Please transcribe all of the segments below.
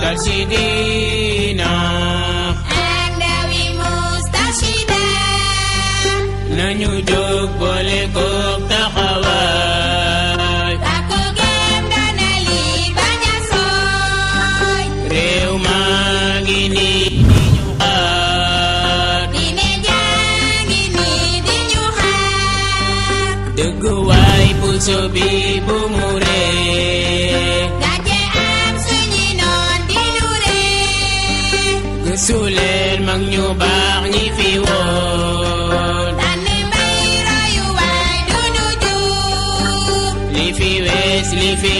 感谢你。baax ñi fi woon tànn mbay royu waay du nu jub fi wees fi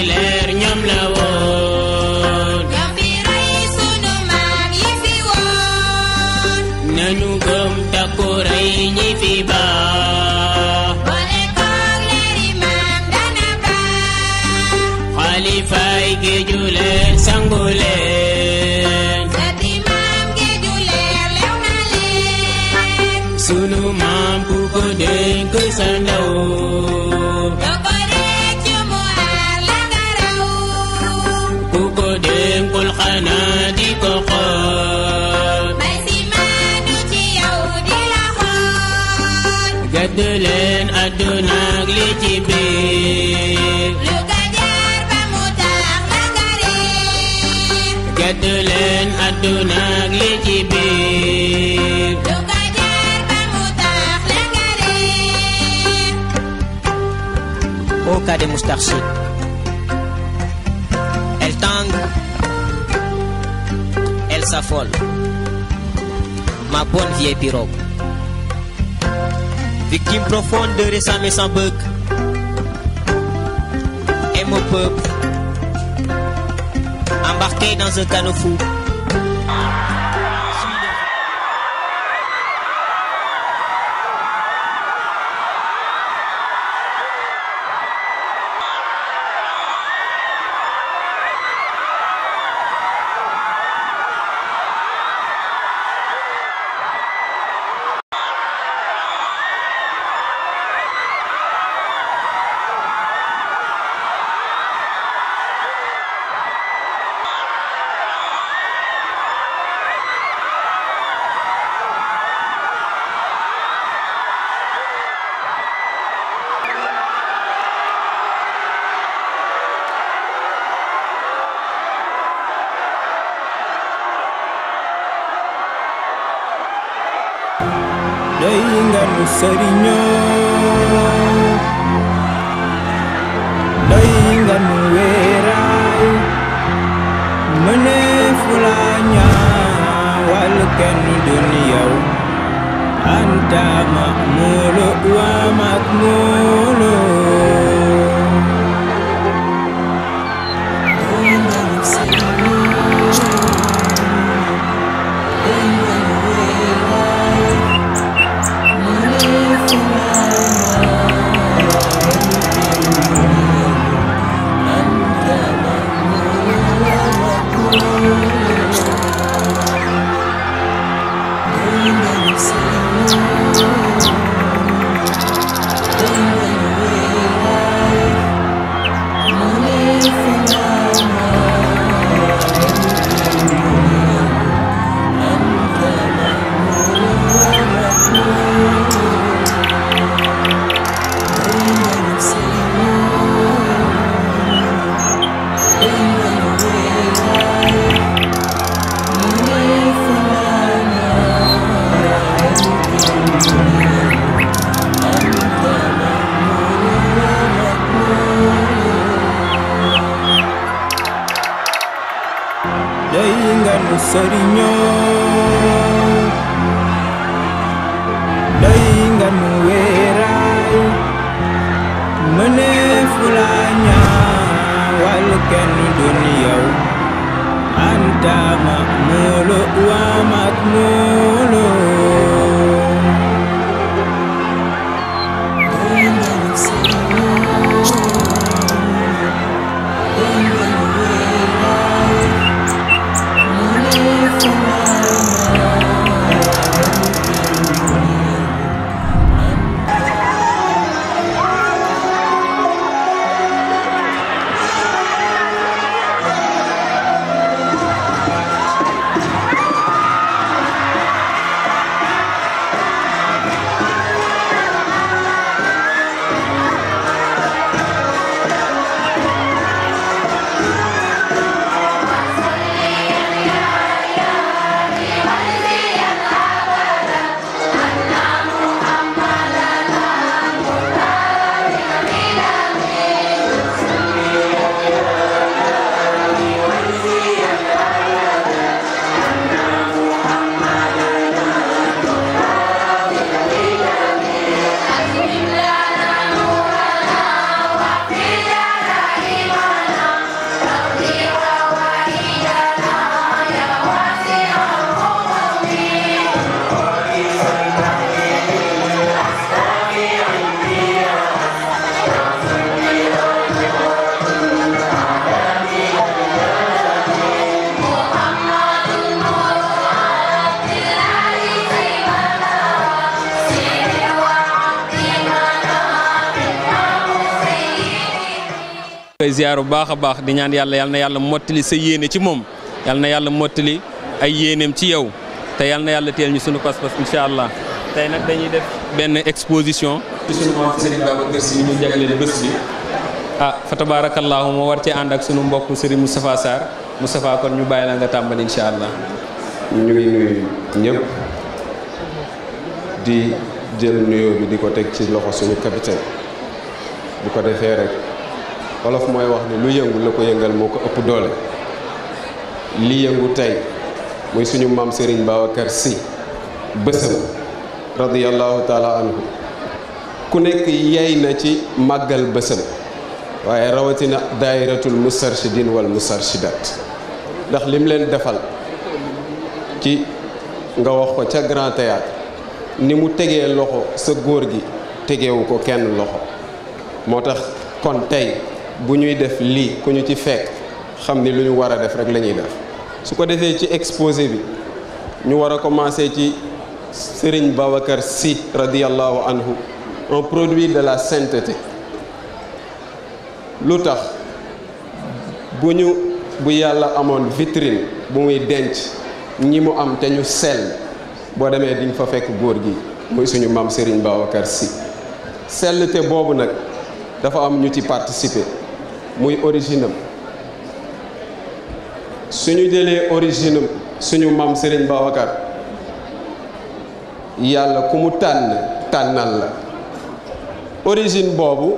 Au cas des moustaches. Elle tangue, elle s'affole. Ma bonne vieille pirogue. Victime profonde de récemment sans bug. Mon peuple, Embarqué dans un canot fou. jariñoo doy nga nu weeraay mëneef la ñaawal kenn dul yow anta ma muulu wa mag Thank you. ziaru baakha baax di ñaan yalla yalla na yalla motali sa yene ci mom yalla na yalla motali ay yenem ci yow te yalla na yalla teel ñu sunu pass pass inshallah tay nak dañuy def ben exposition ci sunu mom Serigne keur ci ñu jagalé beus bi ah fa tabarakallah mo war ci and ak sunu mbokk Serigne Moustapha sar Moustapha kon ñu bayila nga tambal inshallah ñu ngi nuyu ñëpp di jël nuyoo bi diko tek ci loxo suñu capitaine bu ko rek. wolof mooy wax ni lu yëngu la ko yëngal moo ko ëpp doole li yëngu tey muy suñu maam Serigne Babacar si bësam radiyallahu taala anhu ku nekk yey na ci màggal bësam waaye rawatina daayiratul mustarshidin wal mustarshidat ndax lim leen defal ci nga wax ko ca Grand Théâtre ni mu tegee loxo sa góor gi tegewu ko kenn loxo moo tax kon tey bu ñuy def lii ku ñu ci fekk xam ni lu ñu war a def rek lañuy ñuy def su ko defee ci exposé bi ñu war a commencé ci Serigne Babacar Sy radiallahu anhu un produit de la sainteté lu tax bu ñu bu yàlla amoon vitrine bu muy denc ñi mu am te ñu sell boo demee diñ fa fekk góor gi muy suñu maam Serigne Babacar Sy sellte boobu nag dafa am ñu ci participer muy origine suñu jëlee origine suñu mam Serigne Babacar yàlla kumu tan tanal la origine bobu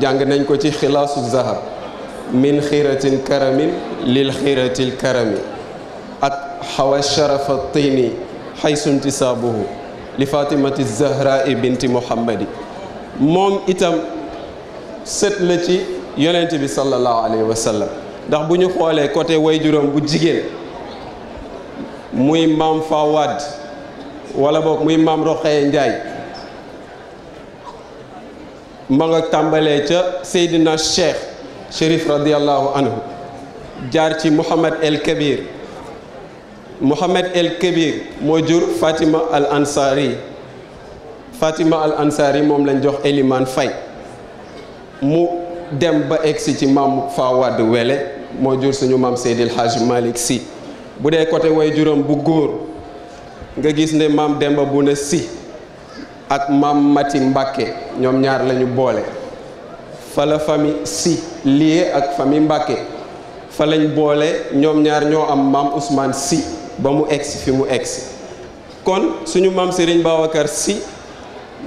jàng nañ ko ci khilasuz zahab min khiratin karamin lil xiiratil karami hawa sharaf at tini haythu intisabuhu li fatimati zahra binti muhammadi mom itam sët la ci yonent bi sallallahu alayhi wa sallam ndax bu ñu xoolee côté way juróom bu jigéen muy maam Fawad wala boog muy maam Roxaye Njaay ma nga tàmbalee ca Seydina Cheikh Chérif radiallahu anhu jaar ci Mouhamad El Kabir Mouhamad El Kabir moo jur Fatima Al Ansari Fatima Al Ansari moom lañ jox Eliman Faye mu dem ba egsi ci maam Fawad Wele moo jur suñu maam Seydil Hadj Malick Sy bu dee côté way juróom bu góor nga gis ne maam Demba Buna si ak maam Mati Mbacke ñoom ñaar lañu boole fa la famille Sy lié ak famille Mbacke fa lañ boole ñoom ñaar ñoo am maam Ousmane Sy ba mu egsi fi mu egsi kon suñu maam Serigne Babacar si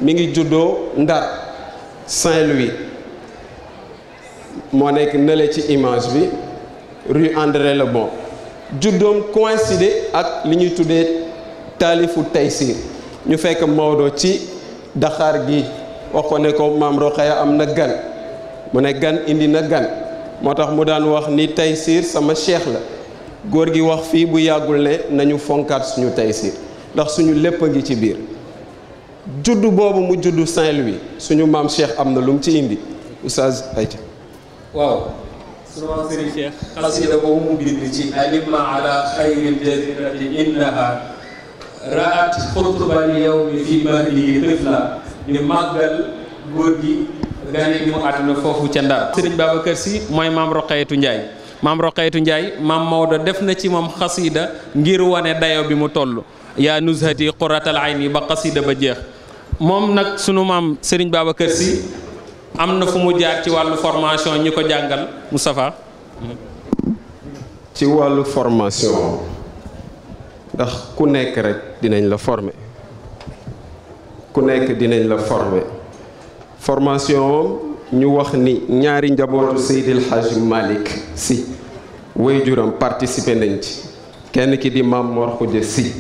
mi ngi juddoo Ndar Saint-Louis moo nekk nële ci image bi rue André Le Bon juddoom coïncidé ak li ñuy tuddee taalifu Taysiir ñu fekk Maodo ci daqaar gi wax ko ne ko maam Rokhaya am na gan mu ne gan indi na gan moo tax mu daan wax ni tey siir sama cheikh la góor gi wax fii bu yàggul ne nañu fonkaat suñu Taysiir ndax suñu lépp a ngi ci biir juddu boobu mu juddu Saint-Louis suñu maam cheikh am na lu ci indi oustaz ayca waaw suma sëriñ Cheikh xasida boobu mu bind ci alima ala xayril jazirati innaha raat xutbal yawmi fi mahdi tifla di màggal góor gi gane mu àdduna foofu ca Ndar sëriñ Babacar Si mooy maam Roqayatu Njaay maam Roqayatu Njaay Maodo def na ci moom xasida ngir wane dayo bi mu toll yaa nuzhati quratal ayni ba xasida ba jeex moom nag sunu maam sëriñ Babacar Si am na fu mu jaar ci wàllu formation ñi ko jàngal Moustapha ci wàllu formation ndax ku nekk rek dinañ la former ku nekk dinañ la former formation ñu wax ni ñaari njabootu Seydil Hadji Malick si waajuram participer nañ ci kenn ki di Mame Mor Khoudia si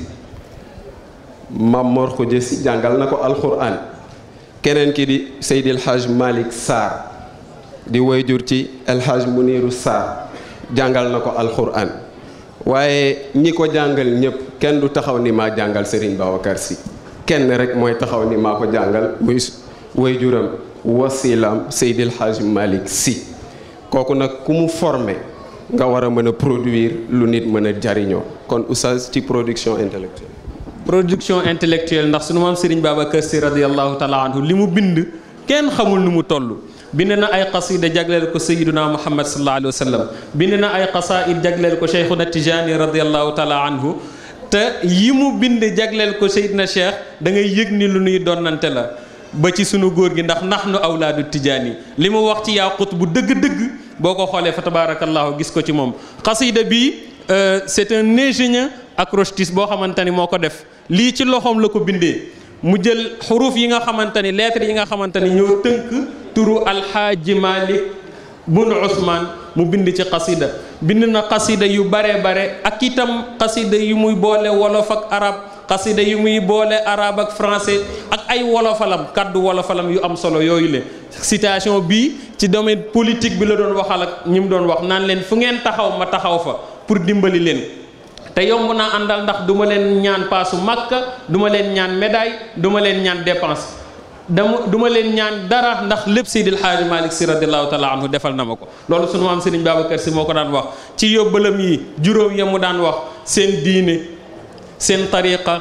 Mame Mor Khoudia si jàngal na ko alxuraan keneen ki di Seydi El Hadj Malick Sarr di wayjur ci El Hadj Muniru Sarr jàngal na ko alxuraan waaye ñi ko jàngal ñëpp kenn du taxaw ni maa jàngal Serigne Babacar si kenn rek mooy taxaw ni maa ko jàngal muy wayjuram wasilaam Seydi El Hadj Malick Sy kooku nag ku mu formé nga war a mën a produire lu nit mën a jariñoo kon oustaz ci production intellectuelle production intellectuelle ndax sunu maam Serigne Babacar Sy radiyallahu taala anhu li mu bind kenn xamul nu mu toll bind na ay qasida jagleel ko sayiduna muhammad sa alayhi wa sallam bind na ay qasaid jagleel ko cheikhuna Tijaani radiyallahu taala anhu te yi mu bind jagleel ko sayidna cheikh da ngay yëg ni lu nuy donnante la ba ci sunu góor gi ndax nax nu awlaadu Tijaani li mu wax ci yaa qut bu dëgg-dëgg boo ko xoolee fa tabarakallahu gis ko ci moom qasida bi euh, acrostiche boo xamante ni moo ko def lii ci loxoom la ko bindee mu jël xuruuf yi nga xamante ni lettres yi nga xamante ni ñoo tënk turu alxaaji Malik bun Usmaan mu bind ci xasida bind na xasida yu bare bare ak itam xasida yu muy boole wolof ak arab xasida yu muy boole arab ak français ak ay wolofalam kàddu wolofalam yu am solo yooyu le citation bi ci domaine politique bi la doon waxal ak ñi mu doon wax naan leen fu ngeen taxaw ma taxaw fa pour dimbali leen te yomb naa àndal ndax du ma leen ñaan paasu màkka du ma leen ñaan médaille duma leen ñaan dépense dama du leen ñaan dara ndax lépp Seydil Haaji Malick si radiallahu taala anhu defal na ma ko loolu sunu maam Serigne Babacar si moo ko daan wax ci yóbbalam yi juróom ya mu daan wax seen diine seen tariqa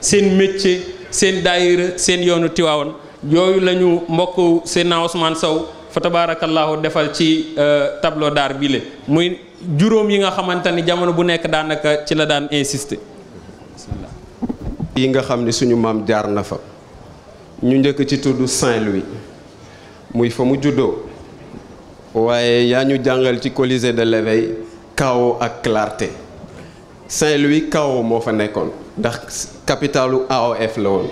seen métier seen daayira seen yoonu Tiwaawan yooyu la ñu mbokk Seydina Ousmane Sow fa tabaarakallaahu defal ci euh, tablo daar bi juróom yi nga xamante ni jamono bu nekk daanaka ci la daan insisté yi nga xam ni suñu maam jaar na fa ñu njëkk ci tudd Saint-Louis muy fa mu juddoo waaye yaa ñu jàngal ci Colisée de l'éveil chaos ak clarté Saint-Louis kawo moo fa nekkoon ndax capitalu AOF la woon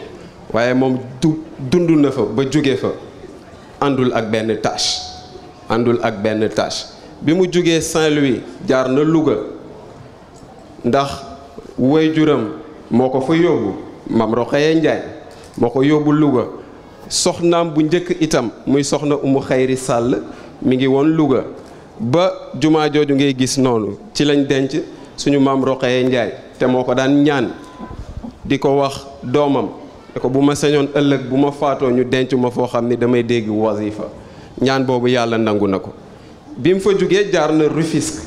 waaye moom du dund na fa ba jóge fa àndul ak benn tâche àndul ak benn tâche bi mu jógee Saint-Louis jaar na Louga ndax waajuram moo ko fa yóbbu Mam Rokhaya Ndiaye moo ko yóbbu Louga soxnaam bu njëkk itam muy soxna Umu Xayri Sàll mi ngi woon Louga ba jumaa jooju ngay gis noonu ci lañ denc suñu Mam Rokhaya Ndiaye te moo ko daan ñaan di ko wax doomam te ko bu ma sañoon ëllëg bu ma faatoo ñu denc ma foo xam ni damay dégg wasifa ñaan boobu yàlla nangu na ko bim fa jugee jaar na Rufisque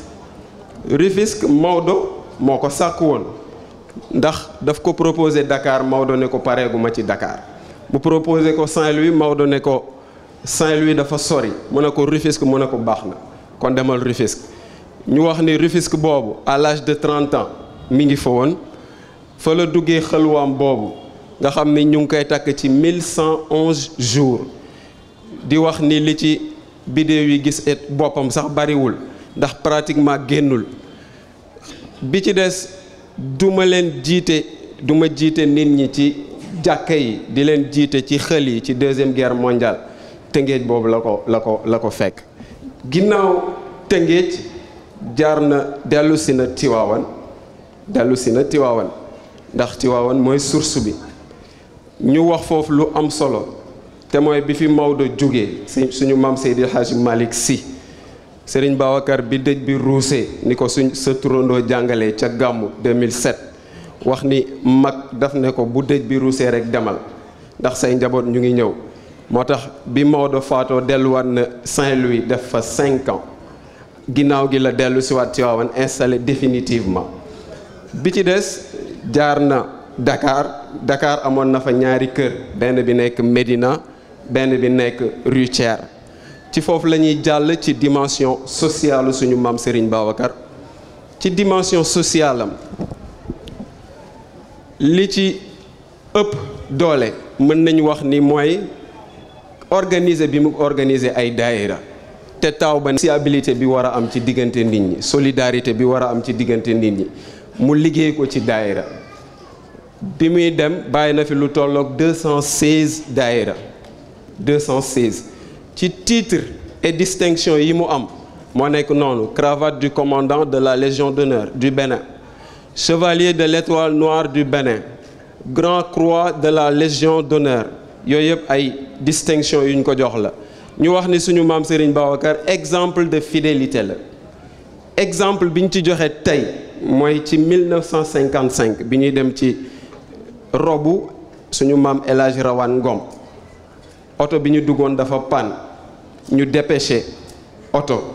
Rufisque mawdo moko sakku won ndax daf ko proposer Dakar mawdo ne ko pareegu ma ci Dakar bu proposer ko Saint-Louis mawdo ne ko Saint-Louis dafa sori mu ko Rufisque mu ko baax kon demal Rufisque ñu wax ni Rufisque bobu à l'âge de 30 ans mi ngi fa woon fa la duggé xëlwaam bobu nga xamni ni ñu ngi koy ci 1111 jours di wax ni li ci. bidéew yi gis et boppam sax bariwul ndax pratiquement génnul bi ci des du leen jiite duma jiite nit ñi ci jàkka yi di leen jiite ci xël yi ci deuxième guerre mondiale tëngéej boobu la ko la ko la ko fekk ginnaaw tëngéej jaar na dellusi na tiwaawan dellu si na tiwaawan ndax tiwaawan mooy source bi ñu wax foofu lu am solo te mooy bi fi Maodo jóge si suñu maam Seydi Hadji Malick Sy Serigne Babacar bi dëj bi ruusee ni ko suñ sa turandoo jàngale ca gàmmu 2007 wax ni mag daf ne ko bu dëj bi ruusee rekk demal ndax say njaboot ñu ngi ñëw moo tax bi Maodo faatoo delluwaat na Saint-Louis def fa cinq ans ginnaaw gi la dellu ci Tivaouane installé définitivement bi ci des jaar na dakaar Dakar amoon na fa ñaari kër benn bi nekk medina benn bi nekk rue ci foofu la ñuy jàll ci dimension sociale suñu maam Serigne Babacar ci dimension sociale am li ci ëpp doole mën nañu wax ni mooy organiser bi mu organiser ay daayira te taw ba sociabilité bi war a am ci diggante nit ñi solidarité bi war a am ci diggante nit ñi mu liggéey ko ci daayira bi muy dem bàyyi na fi lu tolloog 216 daayira 216 ci titre et distinction yi am cravate du commandant de la Légion d'honneur du Bénin chevalier de l'étoile noire du Bénin grand croix de la Légion d'honneur y a ay distinction que nous ko jox la ñu wax ni suñu exemple de fidélité la exemple bi 1955 bi ñuy dem ci robu suñu maam un Rawane oto bi ñu duggoon dafa panne ñu dépêché oto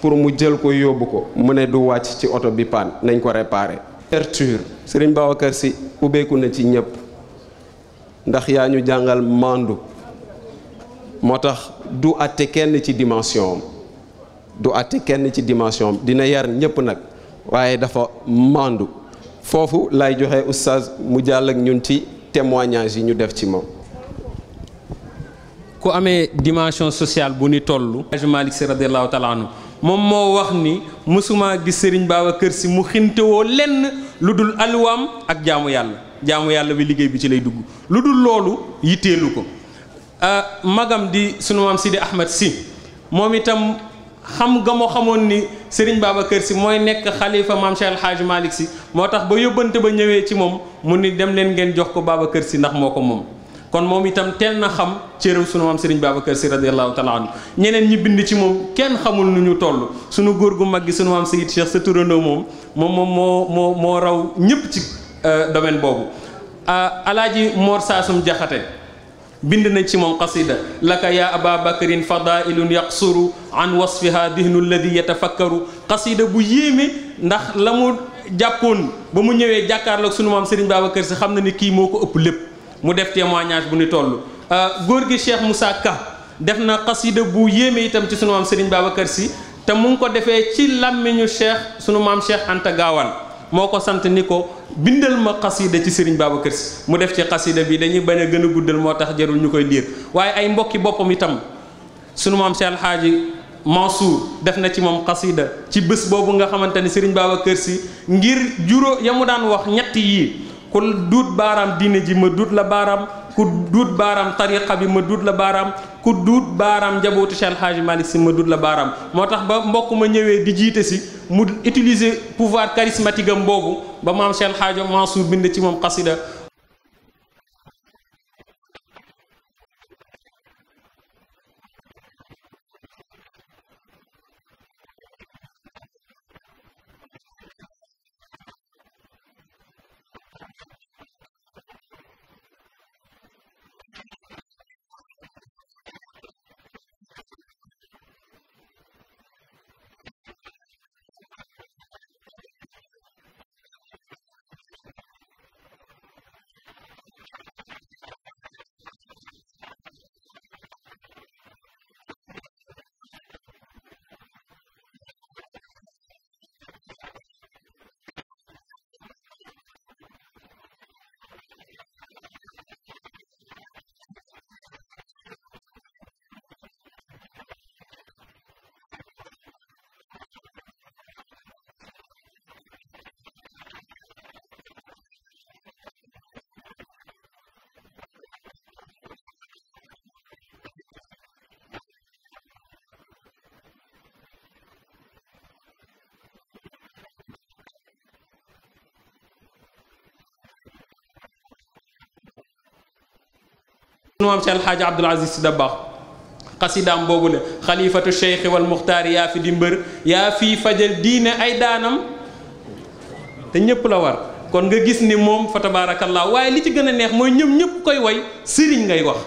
pour mu jël ko yóbbu ko mu ne du wàcc ci oto bi panne nañ ko réparé. ouverture Serigne Babacar si ubbeeku na ci ñëpp ndax yaa ñu jàngal mandu moo tax du àtte kenn ci dimension du àtte kenn ci dimension dina yar ñëpp nag waaye dafa mandu foofu lay joxe oustaz mu jàll ak ñun ci témoignage yi ñu def ci moom. ku amee dimension sociale bu ni tollu Hadj Malick Sy radiallahu taala moom moo wax ni mësuma gis Serigne kër si mu xintewoo lenn lu dul alwaam ak jaamu yàlla jaamu yàlla bi liggéey bi ci lay dugg lu dul loolu yitteelu ko euh, magam di sunu maam Sidi Ahmed si moom itam xam nga moo xamoon ni Serigne kër si mooy nekk xalifa maam Cheikh El Hadj Malick Sy moo tax ba yóbbante ba ñëwee ci moom mu ni dem leen ngeen jox ko baaba kër si ndax moo ko moom kon moom itam teel na xam céeram sunu maam Serigne Babacar Sy radiyallahu taala anhu ñeneen ñi bind ci moom kenn xamul nu ñu toll suñu góor gu mag gi sunu maam Seydi Cheikh moom moom moo moo moo raw ñëpp ci euh, domaine boobu. Euh, alaaji Mor Jaxate bind nañ ci moom qasida laka ya aba bakarin fadailun yaqsuru an wasfiha dihnu alladi yatafakkaru qasida bu yéeme ndax la mu jàppoon mu ñëwee jàkkaarloog sunu maam Serigne Babacar xam na ni kii moo ko ëpp lépp. mu def témoignage bu ni toll euh, góor gi Cheikh Moussa Ka def na xasida bu yéeme itam ci sunu maam Serigne kër si te mu ko defee ci làmmiñu Cheikh sunu maam Cheikh Anta Gaawaan moo ko sant ni ko bindal ma xasida ci Serigne kër Sy mu def ci xasida bi dañuy bañ a gën a guddal moo tax jarul ñu koy liir waaye ay mbokki boppam itam sunu maam Cheikh Alhaaji Mansour def na ci moom xasida ci bés boobu nga xamante ni Serigne kër si ngir juróom ya mu daan wax ñett yii ku duut baaraam diine ji ma duut la baaraam ku duut baaraam tariqa bi ma duut la baaraam ku duut baaraam njabootu Cheikh Alhaji Malick si ma duut la baaraam moo tax ba mbokk ma ñëwee di jiite si mu utiliser pouvoir charismatique am boobu ba maam Cheikh Alhaji Mansour bind ci moom xasida نوام شان الحاج عبد العزيز دباخ قصيدة بوبولة خليفة الشيخ والمختار يا في ديمبر يا في فجل دين أيدانم تنجب لوار كونغ جيسني موم فتبارك الله واي لي تيغنا نيخ نيب كوي واي سيرين غاي واخ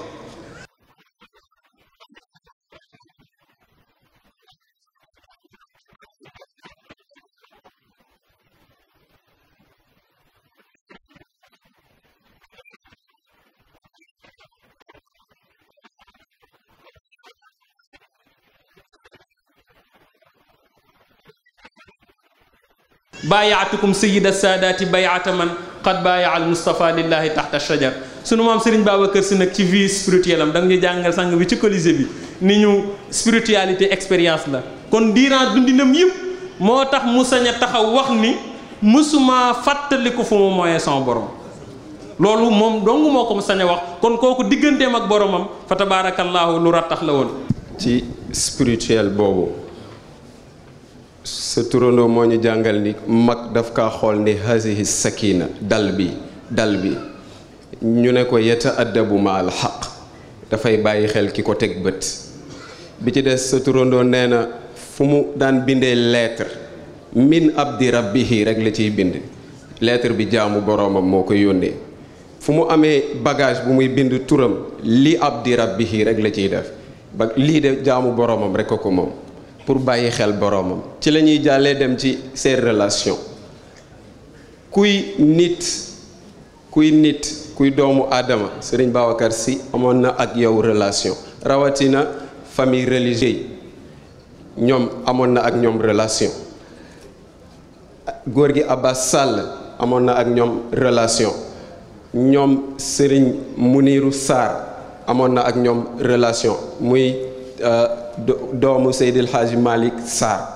bàyyi baayaatukum sayida saadaati bayata man qad baaya al Mustafa lillahi taxta shajar sunu maam Serigne Babacar Sy nag ci vie spirituelle am da nga ñu jàngal sàng bi ci colisée bi ni ñu spiritualité expérience la kon diirant dundinam yëpp moo tax mu sañ taxaw wax ni mësuma fàttaliku fu mu mooyee son borom loolu moom dong moo ko sañ a wax kon kooku digganteem ak boromam fa tabaarakallaahu lu rattax la woon. ci spirituel boobu. sa turandoo moo ñu jàngal ni mag daf ko xool ni hazihi sakina dal bi dal bi ñu ne ko yeta addabu ma al xaq dafay bàyyi xel ki ko teg bët bi ci des sa turandoo nee na fu mu daan bindee lettre min di rabbihi rek la ciy bind lettre bi jaamu boroomam moo ko yónnee fu mu amee bagage bu muy bind turam li di rabbihi rek la ciy def lii de jaamu boroomam rek ko ko moom pour bàyyi xel boroomam ci la ñuy jàllee dem ci ses relation kuy nit kuy nit kuy doomu aadama Serigne Babacar si amoon na ak yow relation rawatina famille religieuse ñoom amoon na ak ñoom relation góor gi Abbas Sall amoon na ak ñoom relation ñoom sëriñ Muniru Sarr amoon na ak ñoom relation muy euh, doomu Seydil Hadji Malick Sarr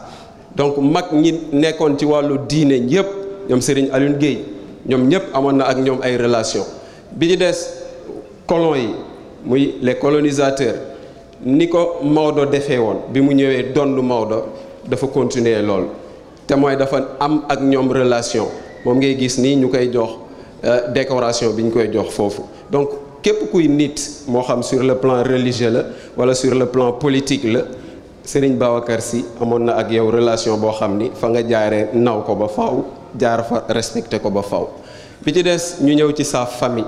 donc mak ni nekkoon ci wàllu diine ñëpp ñoom Serigne Alioune Guèye ñoom ñëpp amoon na ak ay relation bi ñu des yi muy les colonisateurs niko ko Maodo defee woon bi mu ñëwee donn dafa continuer lool te mooy dafa am ak ñoom relation moom ngay gis ni ñu jox euh, décoration bi ñu koy jox foofu donc képp kuy nit moo xam sur le plan religieux la sur le plan politique la sëriñ Babacar si amoon na ak yow relation boo xam ni fa nga jaaree naw ko ba faw jaar fa respecté ko ba faw bi ci des ñu ñëw ci sa famille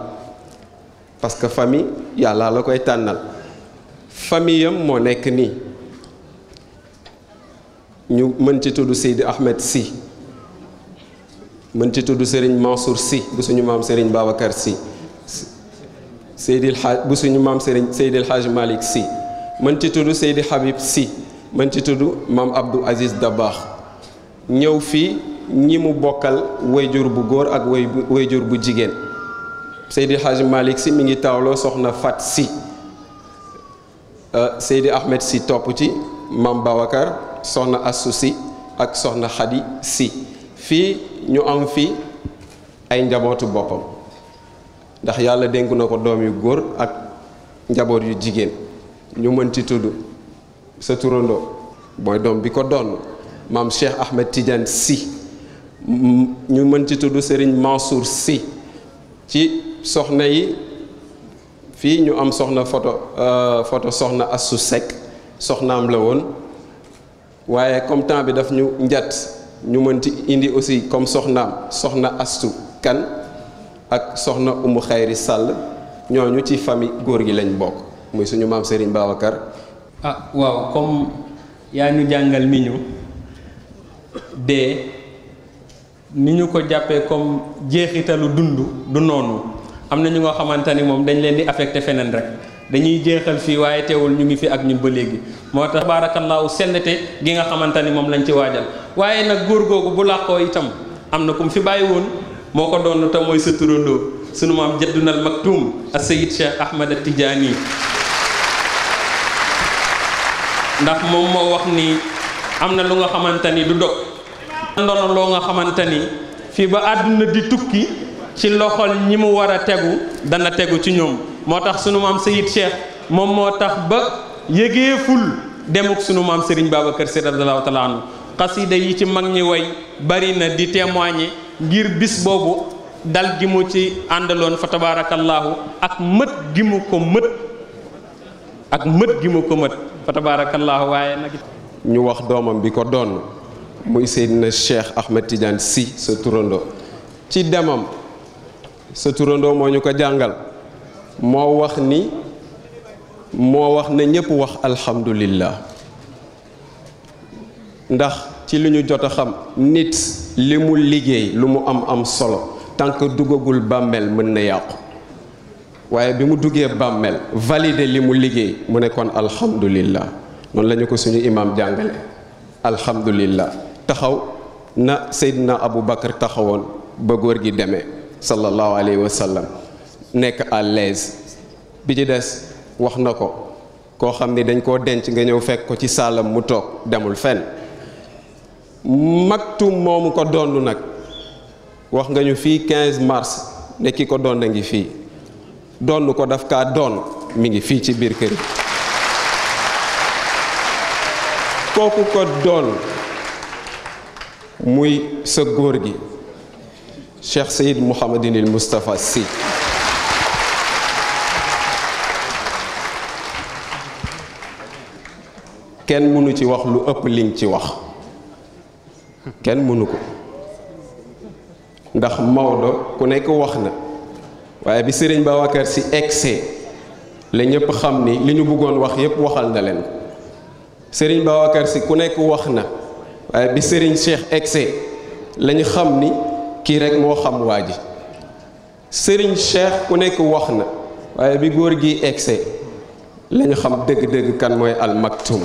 parce que famille yàlla la koy tànnal famille am moo nekk nii ñu mën ci tudd Seydi Ahmed si mën ci tudd Serigne Mansour si bu suñu maam Serigne Babacar si Seydil Hadj bu suñu maam Serigne Seydil Hadj Malick si mën ci tudd Seydi Habib si mën ci tudd maam Abdou Aziz baax ñëw fii ñi mu bokkal wayjur bu góor ak way bu jigéen Seydi Hadj malik si mi ngi taawloo soxna Fat si euh, Seydi Ahmed si topp ci maam Babacar soxna Assou Sy ak soxna Khady si fii ñu am fii ay njabootu boppam ndax yàlla dénku na ko doom yu góor ak njaboot yu jigéen ñu mën ci tudd sa turandoo mooy doom bi ko doon maam Cheikh Ahmed Tidiane si ñu mën ci tudd Serigne Mansour si ci soxna yi fii ñu am soxna photo euh, photo soxna Assou Seck soxnaam la woon waaye comme temps bi daf ñu njat ñu mën ci indi aussi comme soxnaam soxna Astu Kan ak soxna Umu Xayri Sàll ñooñu ci famille góor gi lañ bokk muy suñu mam serigne babakar ah waaw ya comme ya ñu jangal mi ñu dee ni ñu ko jappé comme jéxitalu dundu du nonu amna ñu nga xamantani mom dañ leen di affecter fenen rek dañuy jéxal fi waye téwul ñu ngi fi ak ñun ba légui motax barakallahu baarakallaahu gi nga xamantani mom lañ ci wajal waye nak gor gogu bu làqoo itam amna kum fi bàyyi won moko donu ta moy sa sunu mam jaddunal maktum as sayyid cheikh ahmed tijani ndax moom moo wax ni am na lu nga xamante ni du dog ndono nga xamante ni fii ba àdduna di tukki ci loxol ñi mu war a tegu dana tegu ci ñoom moo tax sunu maam Sayid Cheikh moom moo tax ba yëgeeful demuk sunu maam Serigne Babacar Sy radiyallahu taala anhu xasida yi ci mag ñi way bari na di témoigner ngir bis boobu dal gi mu ci àndaloon fa tabaarakallaahu ak mët gi mu ak mët gi mu ko mët fa tabaarakallaahu waaye nag ñu wax doomam bi ko doon muy Seydina Cheikh Ahmed tiijan si sa turandoo ci demam sa turandoo moo ñu ko jàngal moo wax ni moo wax ne ñëpp wax alhamdulillah ndax ci li ñu jot a xam nit li mu liggéey lu mu am am solo tant que dugagul bàmmeel mën na yàqu waaye bi mu duggee bàmmeel valider li mu liggéey mu ne kon alhamdulillah noonu la ñu ko suñu imaam jàngale alhamdulillah taxaw na seyd na Abu Bakar taxawoon ba góor gi demee sallallahu alayhi wa nekk à l'aise bi ci des wax na ko koo xam ni dañ koo denc nga ñëw fekk ko ci saalam mu toog demul fenn maktum moomu ko donn nag wax nga ñu fii 15 mars ne ko doon a ngi fii donn ko daf kaa doon mi ngi fii ci biir kër kooku ko doon muy sa góor gi Cheikh Sayid Mouhamadinil mustafa Sy kenn mënu ci wax lu ëpp liñ ci wax kenn mënu ko ndax Maodo ku nekk wax na waaye bi sëriñ Babacar si egse la ñëpp xam ni li ñu bëggoon wax yépp waxal na leen ko sëriñ Babacar si ku nekk wax na waaye bi sëriñ Cheikh egse lañu xam ni kii rekk moo xam waa ji sëriñ Cheikh ku nekk wax na waaye bi góor gi egse la xam dëgg-dëgg kan mooy al almaktum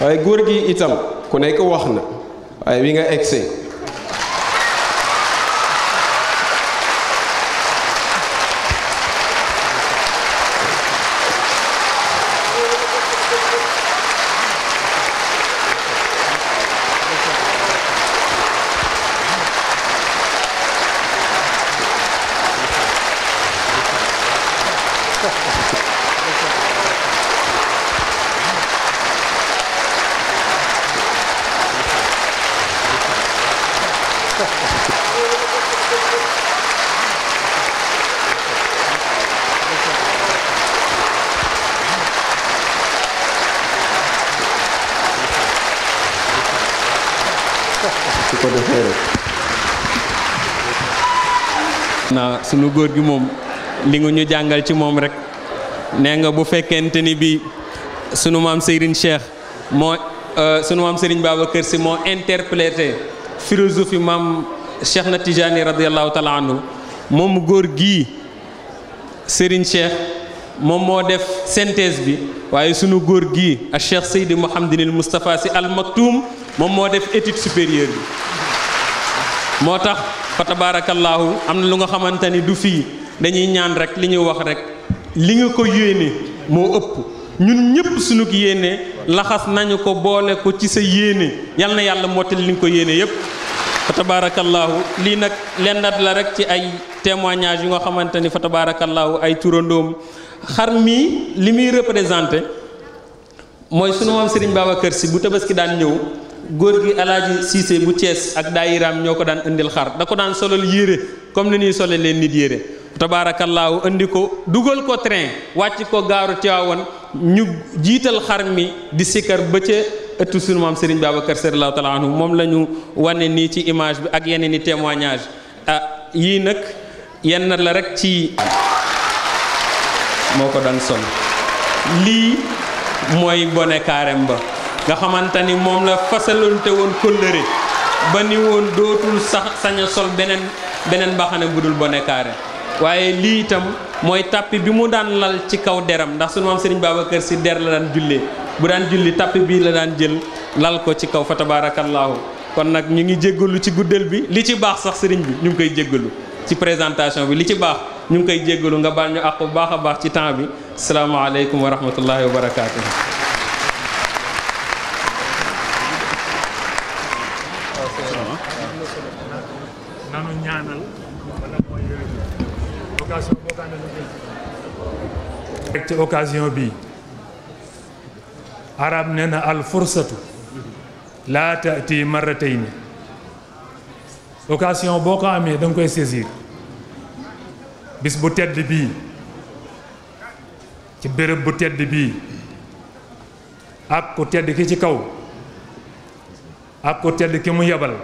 waaye góor gi itam ku nekk wax na waaye bi nga egse gu góor gi moom li nga ñu jàngal ci moom rek nee nga bu fekkente ni bi sunu maam Serigne Cheikh moo euh, sunu maam Serigne Babacar Sy moo interprété philosophie maam Cheikh na Tijaani radiallahu taala anhu moom góor gi Serigne Cheikh moom moo def synthèse bi waaye sunu góor gii ak Cheikh Seydi Mouhamadinil Moustapha Sy Al moom moo def étude supérieure bi moo tax fa tabaarakallaahu am na lu nga xamante ni du fii dañuy ñaan rek li ñuy wax rek li nga ko yéene moo ëpp ñun ñëpp suñu yéene laxas nañu ko boole ko ci sa yéene yal na yàlla mottali li nga ko yéene yépp fa tabaarakallaahu lii nag len lennat la rek ci ay témoignage yu nga xamante ni fa tabaarakallaahu ay turandoom xar mii li muy représenté mooy sunu maam Serigne Babacar Sy bu tabaski daan ñëw. góor gi alaaji Cissé bu Thiès ak daayiraam ñoo ko daan indil xar da ko daan solal yére comme ni ñuy sole leen nit yére tabaarakallaahu indi ko dugal ko train wàcc ko gaaru Tiwaawan ñu jiital xar mi di sikkar ba ca ëttu sunu maam Serigne Babacar radiyallaahu taala moom lañu wane nii ci image bi ak yeneen i témoignage ah yii nag yenn la rek ci moo ko daan sol lii mooy bone kaarem ba nga xamantani mom moom la fasalonte won kóllëre ba ni won dotul sax saña sol benen benen baxana gudul bonekare. bonekaare waye li itam moy tapi bi mu daan lal ci kaw deram ndax sunu maam Serigne babakar si der la daan jullee bu daan julli tapi bi la daan jël lal ko ci kaw fa tabaarakallaahu kon nak ñi ngi jéggalu ci guddel bi li ci bax sax serigne bi ñu koy jéggalu ci présentation bi li ci bax ñu koy nga bañu baax ci temps bi alaykum wa rahmatullahi wa barakatuh ci occasion bi arab nee na al fursatu laa taati marratayni occasion boo ko amee da koy saisir bis bu tedd bi ci béréb bu tedd bi ak ku tedd ki ci kaw ak ku tedd ki mu yebal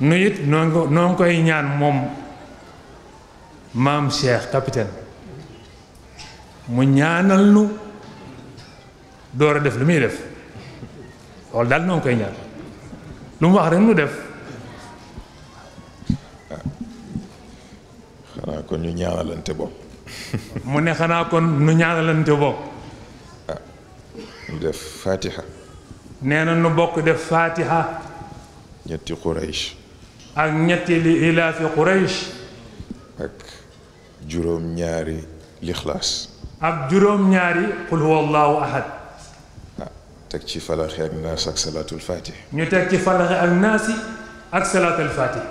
nu it noo ngi koy ñaan moom maam Cheikh capitaine mu ñaanal nu door a def lu muy def loolu daal noonu koy ñaan lu mu wax rek nu def xanaa kon ñu ñaanalante bopp mu ne xanaa kon nu ñaanalante bopp ñu def fatiha nee na nu bokk def fatiha ñetti quraish ak ñetti li ilaafi quraish ak juróom ñaari lixlaas ak juróom-ñaari qul huwa ahad ah, teg ci falaxi ak naas ak salaatul faatih ñu teg ci falaxi ak naasi ak salaatul faatih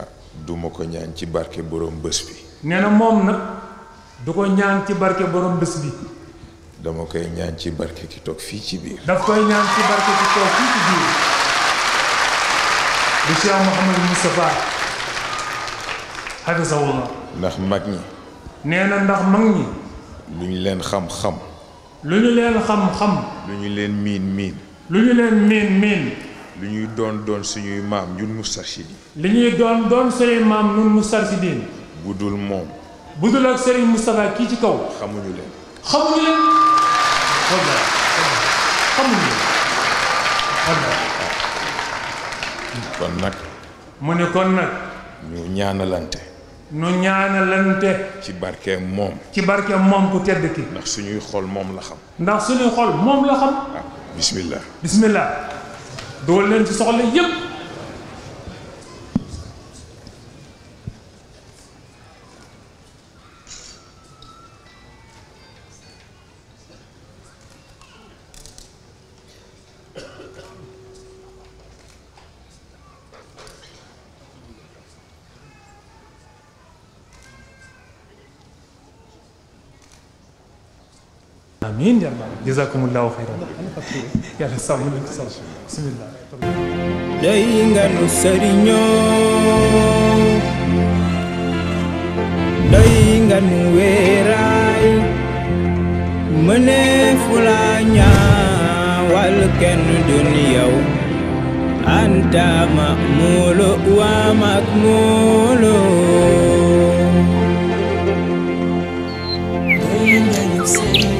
ah, du ko ñaan ci barke borom bés bi nee na moom nag du ko ñaan ci barke borom bés bi dama koy ñaan ci barke ki toog fii ci biir daf koy ñaan ci barke ki toog fii ci biir ndax mag ñi nee na ndax mag ñi lu ñu leen xam-xam. lu ñu leen xam-xam. lu ñu leen miin miin. lu ñu leen miin miin. lu ñuy doon doon suñuy maam ñun Moustarchidine. li ñuy doon doon suñuy maam ñun bu budul moom. bu budul ak mu Moustapha kii ci kaw. xamuñu leen. xamuñu leen. xamuñu kon nag. mu ne kon nag. ñu ñaanalante. nu ñaanalante. ci barke moom. ci barke moom ku tedd ki. ndax suñuy xol moom la xam. ndax suñuy xol moom la xam. waaw bismillah. bismillah. dool leen ci soxla yépp amin ya rabbal alamin jazakumullahu khairan yàlla sàmm leen sàmm bismillah day nga nu sëriñoo day nga nu anta ma'mulu wa makmulu day nga